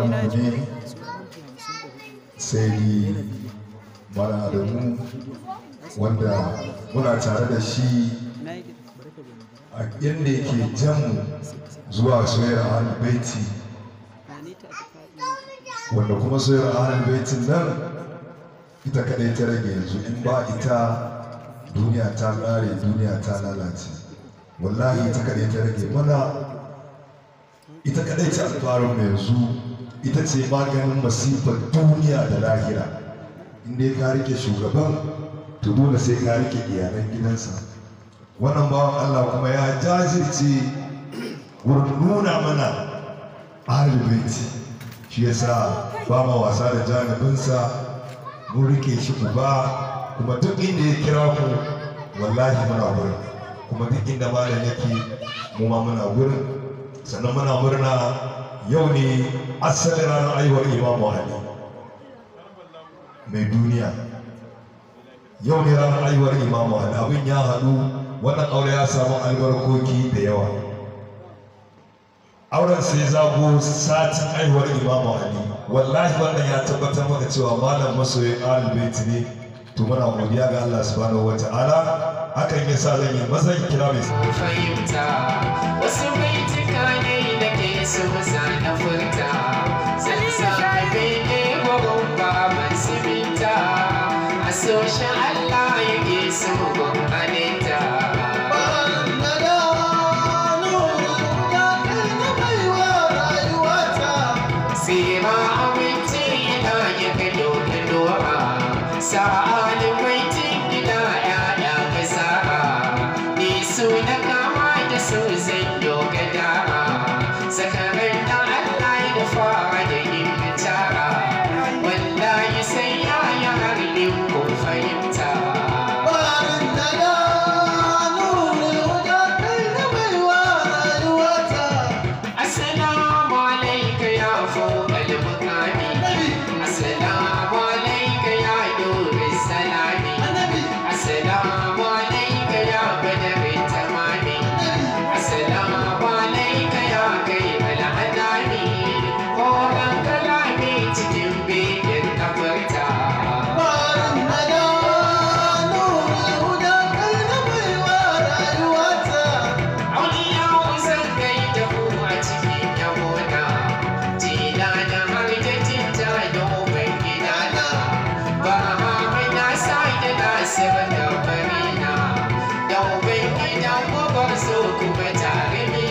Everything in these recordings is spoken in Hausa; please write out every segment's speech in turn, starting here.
Malamudi sai mana Adamu wanda muna tare da shi a inda yake jan zuwa soyar ahalin baiti wanda kuma soyar ahalin baitin nan ita kadai ta rage yanzu in ba ita duniya ta ƙare duniya ta lalace wallahi ita kadai ta rage mana ita kadai ta alfarin yanzu ita ce maganin masifar duniya da lahira inda ya rike shugaban to dole sai ka rike iyalan gidansa wannan bawan Allah kuma ya jajirce wurin nuna mana alibaiti shi ya sa ba ma wasa da janibinsa mun rike shi ku ba kuma duk inda ya kira ku wallahi muna wurin kuma duk inda malam yake mu ma muna wurin sannan muna murna yau ne asalin ranar aiwar imamu ali mai duniya yau ne ranar aiwar imamu ali abin ya haɗu wannan aure ya samu albarkoki da yawa auren sai zago satin aiwar imamu ali wallahi wannan ya tabbatar mana cewa malam masoyin alibaiti ne to muna godiya ga allah subhanahu wa ta'ala hakan yasa zan yi mazan kira mai su sa na furta san sabe gwagwan baban siminta a soshin Allah ya su gwagwaninta. dawo bai ni dawo bar so ku ba tare ni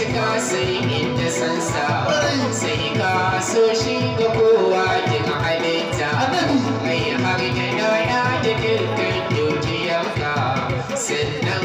cika sai inda sa sai ka so shi ga kowa ji mahalitta mai har da ya da dukkan dukiyarka sannan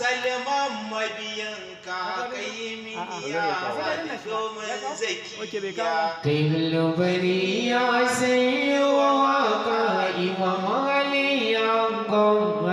salman mabiyanka kai miniya domin zakiya kai bariya sai wa waƙa'i wa maliyan gwamma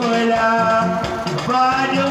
escuela, baño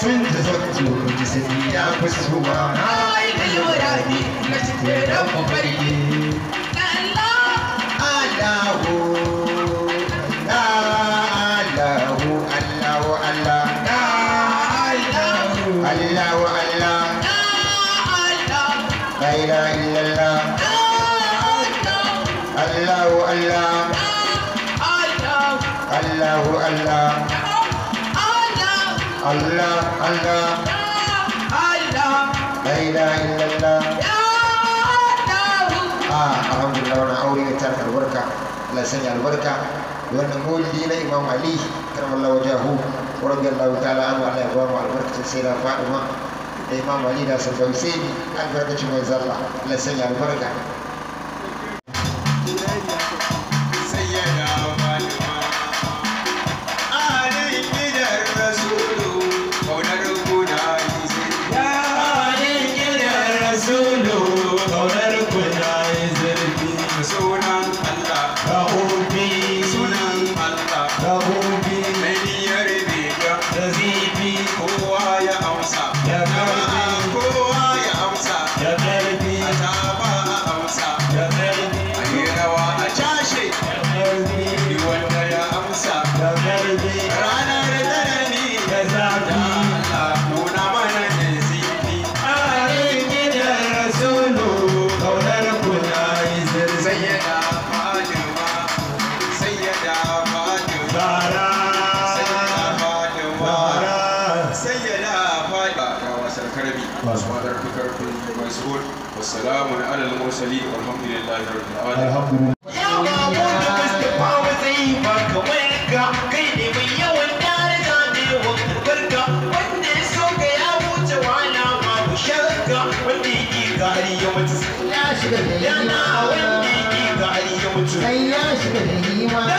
sun da zanci wani sai ya fi suwa ai da yi wurare na cike da mafarki Allahu Allahu Allahu Allah Allahu Allahu Allah La ilaha illallah Allahu Allah Allahu Allah Allah, Allah, Allah, La ilaha illallah, Ya Allah. Ah, Alhamdulillah, na awi ya tarfa albarka, Allah sani albarka, wanda mulidi na Imam Ali, karam Allah wajahu, wa rabbi Allah ta'ala anu ala ya wa albarka ta sayyidah Fatima, Imam Ali na sallallahu sayyidi, albarka cuma izallah, Allah sani albarka. Allah albarka. Yeah.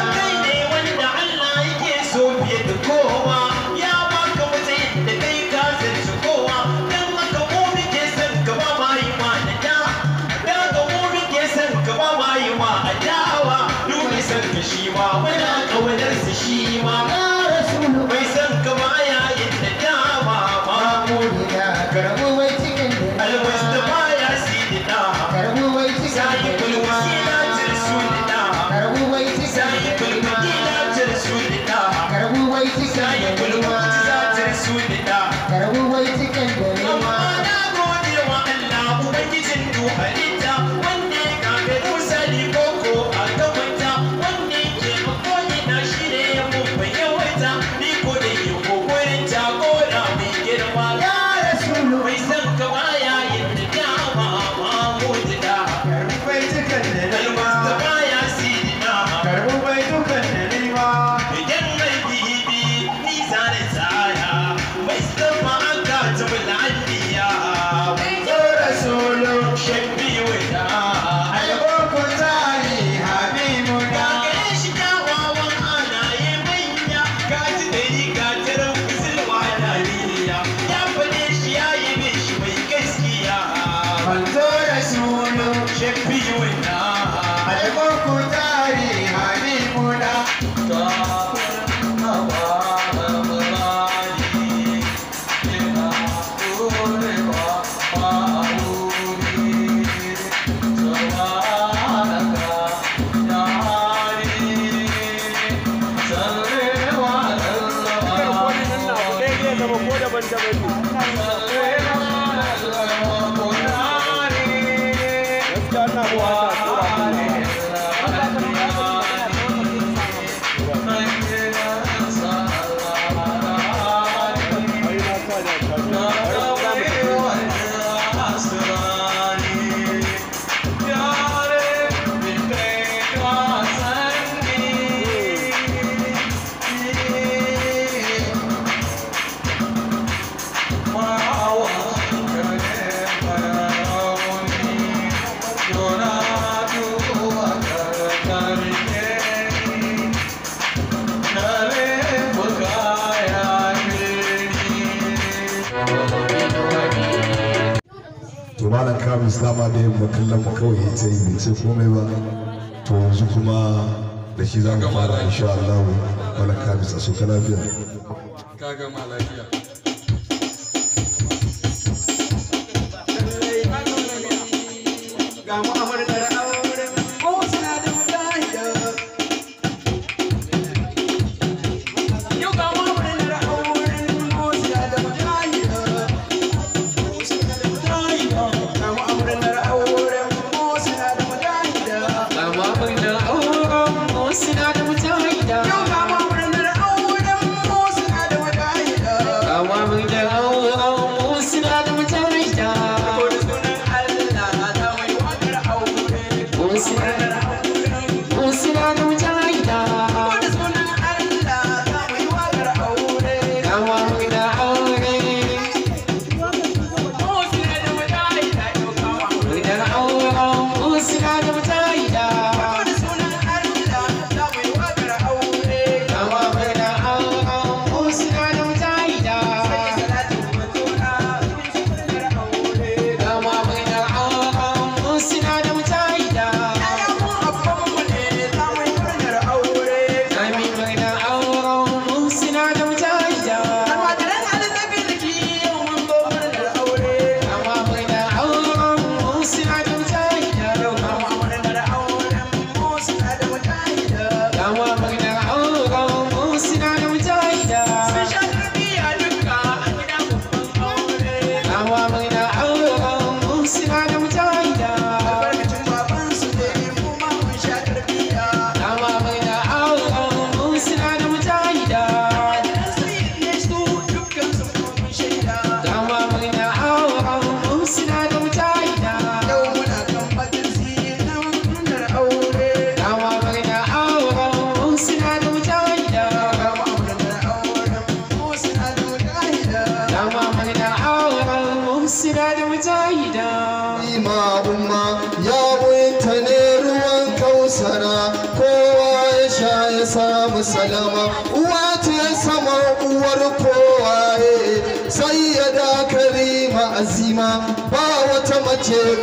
shit kamis dama da yamma kallon kawai ya ta yi bai ce komai ba to yanzu kuma da shi za mu fara insha Allah wani kamis a soka lafiya. Ka gama lafiya. Christmas.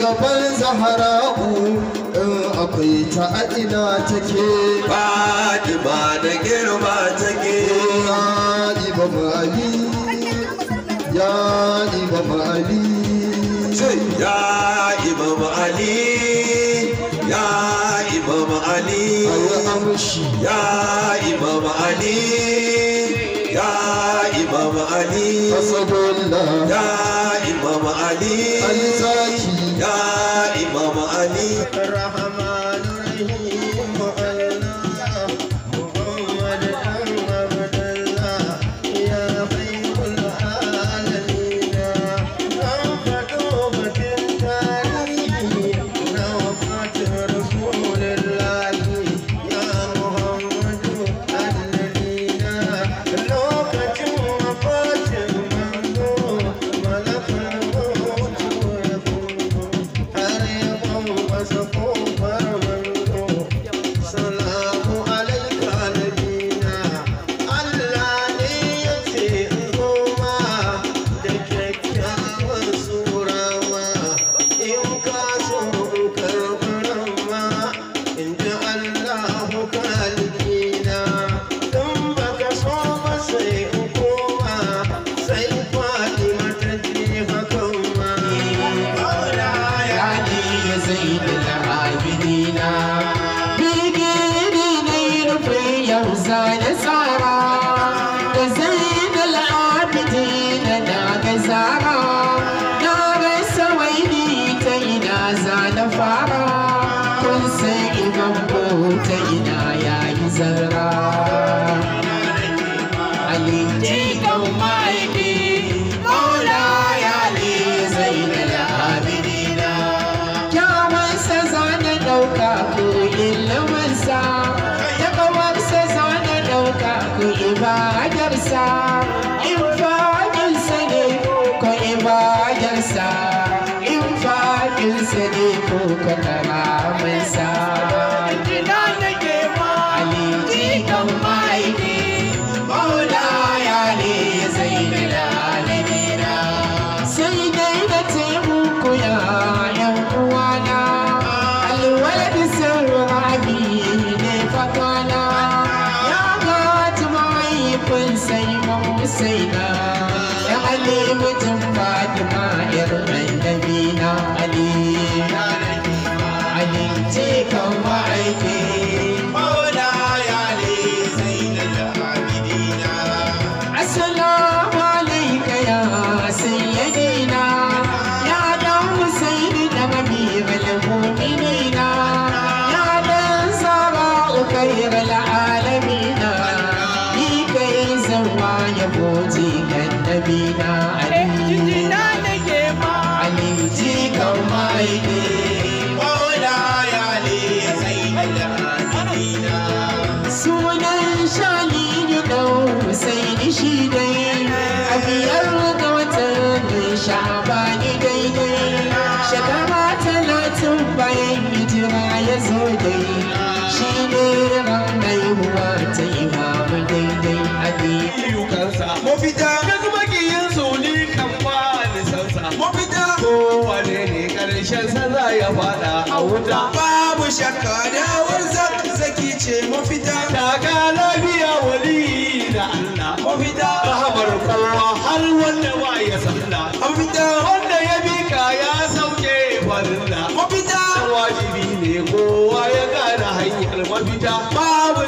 gaban zahara'u in akwai ta a ina take fatima da girma take ya iba ali ya iba ali ya iba ali ya iba ali ya da sara Medina,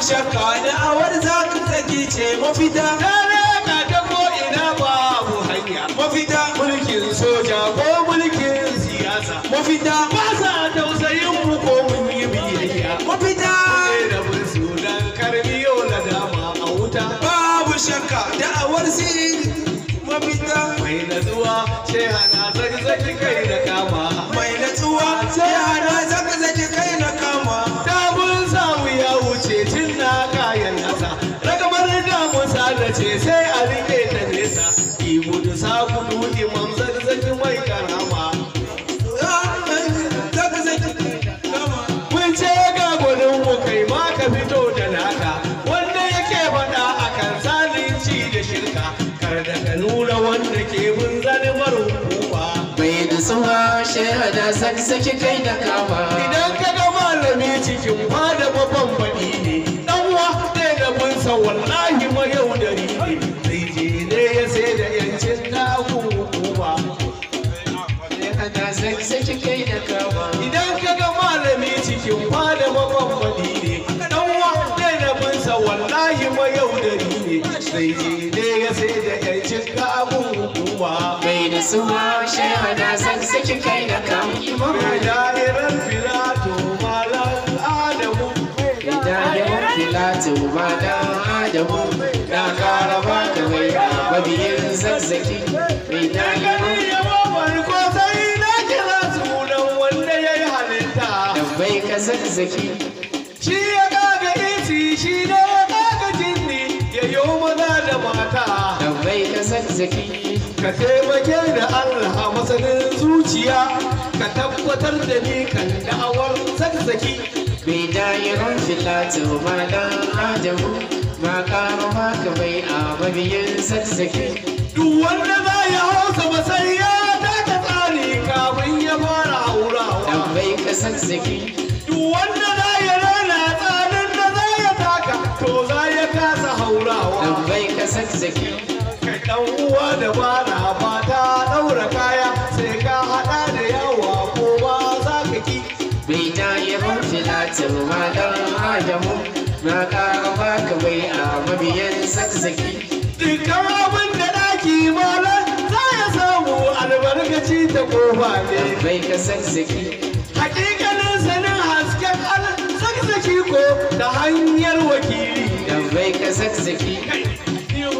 shakka da awar za ka ce mafita hada saksaki kai da kawa. idan ka ga malami cikin fada babban baɗi ne dan wa da sa wallahi ma yau da ne zai je ne ya sai da yancin na hukuma hada saksaki kai da kawa. idan ka ga malami cikin fada babban baɗi ne dan wa da sa wallahi ma yau da ne zai je ne ya sai da yancin na hukuma bai da suwa shi hada kawa. da'irar filato malam adamu da'irar filato malam adamu na kara baka mai mabiyin zazzaki mai da'irar yawa farko sai na kira sunan wanda ya yi halitta dabbai ka zazzaki shi ya kaga isi shi ne ya kaga jinni ya yi maza da mata kai ka zazzaki ka taimake da Allah a masanin zuciya ka tabbatar da ni kan da'awar zazzaki bidayirar filatu malan rajamu ma karo ka bai a mabiyin zazzaki duk wanda ba ya hausa ba sai ya taka tsari kafin ya fara haurawa tambayi ka zazzaki duk wanda za ya rana tsarin da za ya taka to za ya kasa haurawa tambayi ka zazzaki dan uwa da bana ta daura kaya sai ka hada da yawa ko ba za ka ki bai na yi filatin ma dan adamu na kara baka bai a mabiyan sakzaki dukkan abin da daki malam za ya samu albarkaci ta kofa ne bai ka sakzaki Hakikalin sanin hasken al sakzaki ko ta hanyar wakili dan bai ka sakzaki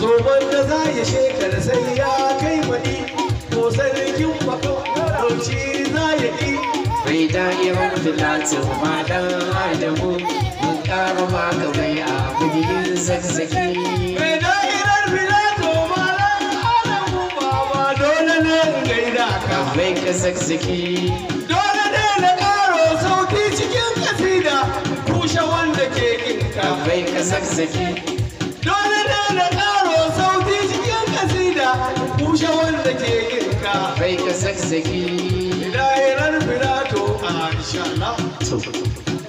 Zoban da za ya shekara sai ya kai faɗi, ko sarkin makon kauci za ya ɗi. Bai da yawan filatin maɗan Adamu, mun ƙara maka mai a bugiyin zazzaki. Bai da irar filatin maɗan Adamu, ba dole ne in gaida ka. Mai ka zazzaki. Dole ne na ƙaro sauki cikin kasida, kushe wanda ke Ka Bai ka zazzaki. take yin ka kai ka sassaki ilahirar filato a insha Allah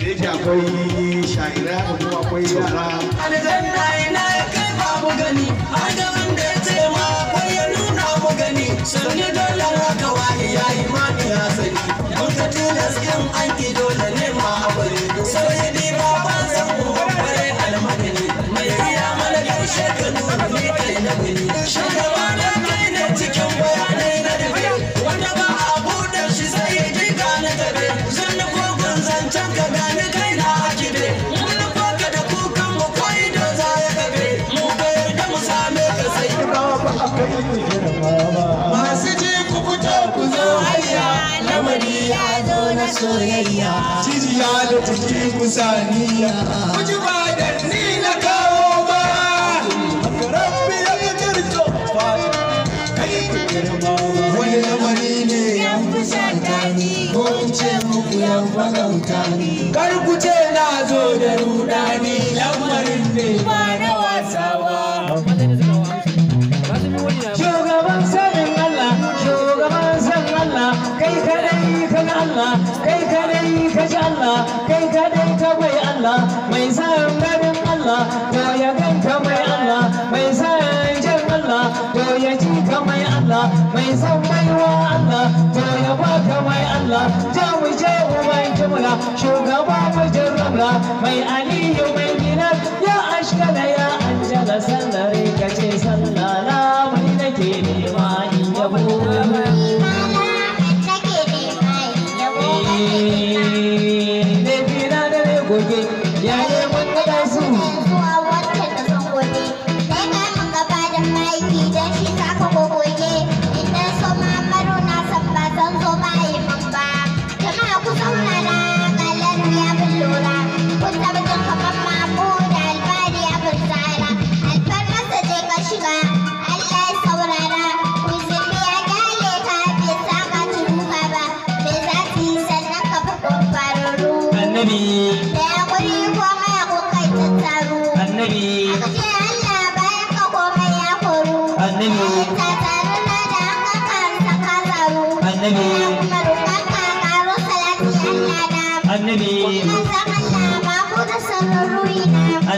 da yake akwai sha'ira da kuma akwai yara aljanna ina ya kai ba mu gani adamin da ya ce ma akwai ya nuna mu gani sanni dole haka wani ya imani ya sani mun ka tilas in an ki dole ne mai san Allah to ya baka mai Allah jawu jawu mai jumla shugaba wajen ramla mai aliyu mai dinar ya ashkala ya anjala sallare kace sallala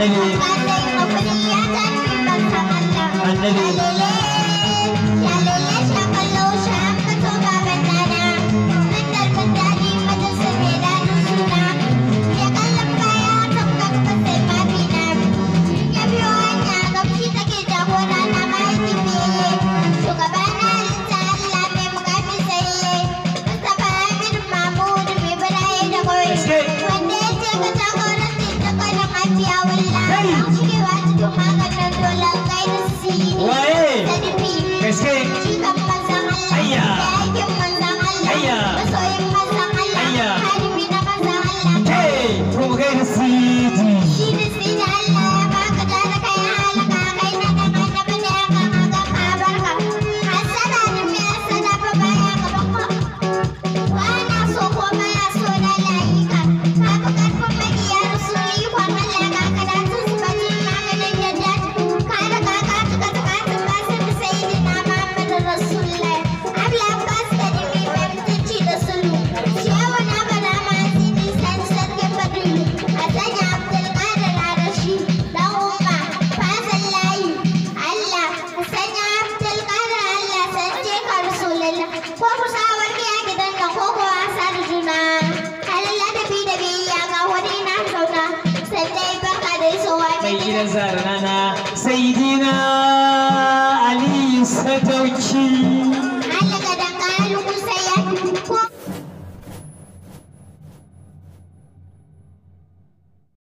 annabi annabi